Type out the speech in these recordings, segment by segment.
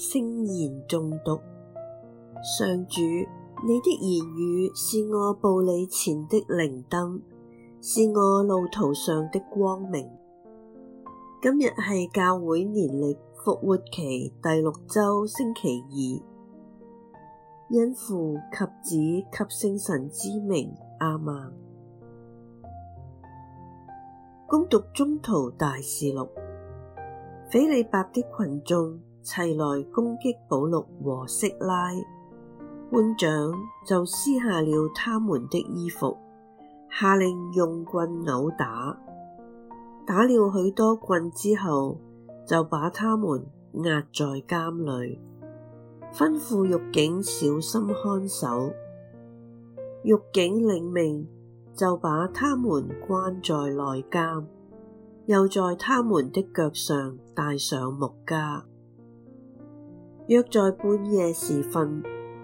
聖言誦讀。上主，你的言語是我步履前的靈燈，是我路途上的光明。今日係教會年曆復活期第六周星期二，因父及子及聖神之名，阿門。恭讀宗徒大事錄，斐理伯的群眾。齊來攻擊保禄和息拉，官長就撕下了他們的衣服，下令用棍毆打，打了許多棍之後，就把他們押在監裏，吩咐獄警小心看守。獄警領命，就把他們關在內監，又在他們的腳上戴上木枷。約在半夜時分，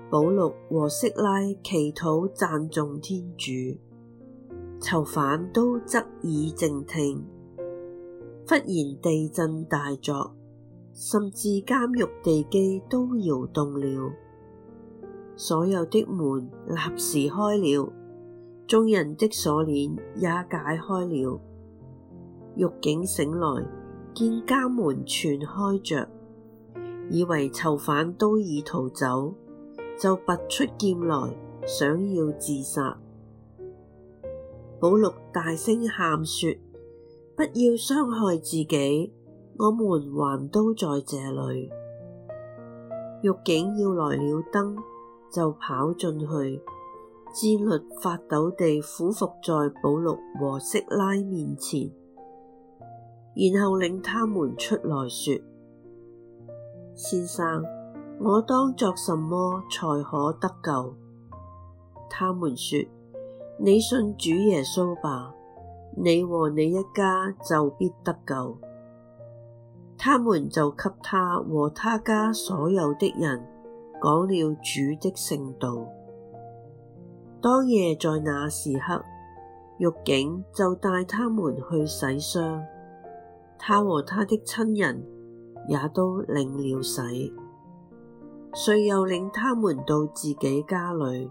保祿和息拉祈禱讚頌天主，囚犯都側耳靜聽。忽然地震大作，甚至監獄地基都搖動了，所有的門立時開了，眾人的鎖鏈也解開了。獄警醒來，見監門全開着。以為囚犯都已逃走，就拔出劍來，想要自殺。保祿大聲喊說：不要傷害自己，我們還都在這裏。獄警要來了燈，就跑進去，戰慄發抖地俯伏在保祿和息拉面前，然後領他們出來說。先生，我當作什麼才可得救？他們說：你信主耶穌吧，你和你一家就必得救。他們就給他和他家所有的人，講了主的聖道。當夜在那時刻，獄警就帶他們去洗傷，他和他的親人，也都領了洗，遂又領他們到自己家裏，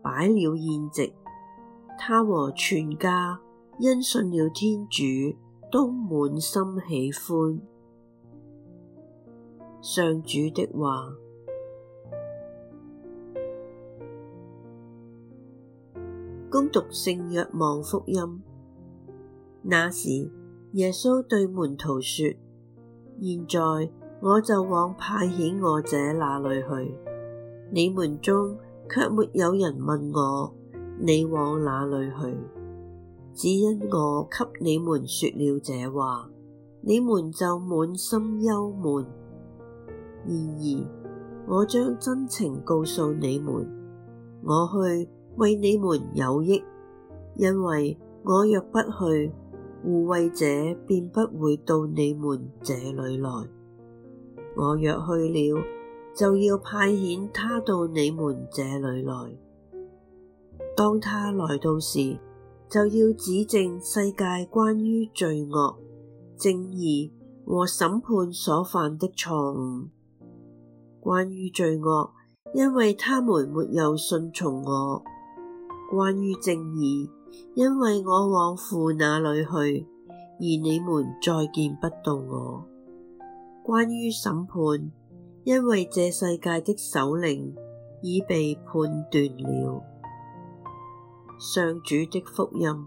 擺了宴席。他和全家因信了天主，都滿心喜歡。上主的話：恭讀聖若望福音，那時耶穌對門徒說。現在我就往派遣我者那裏去，你們中卻沒有人問我，你往那裏去？只因我給你們說了這話，你們就滿心憂悶。然而、而，我將真情告訴你們，我去為你們有益，因為我若不去。護慰者便不會到你們這裏來。我若去了，就要派遣他到你們這裏來。當他來到時，就要指證世界關於罪惡、正義和審判所犯的錯誤。關於罪惡，因為他們沒有信從我；關於正義，因為我往父那裏去，而你們再見不到我。關於審判，因為這世界的首領已被判斷了。上主的福音。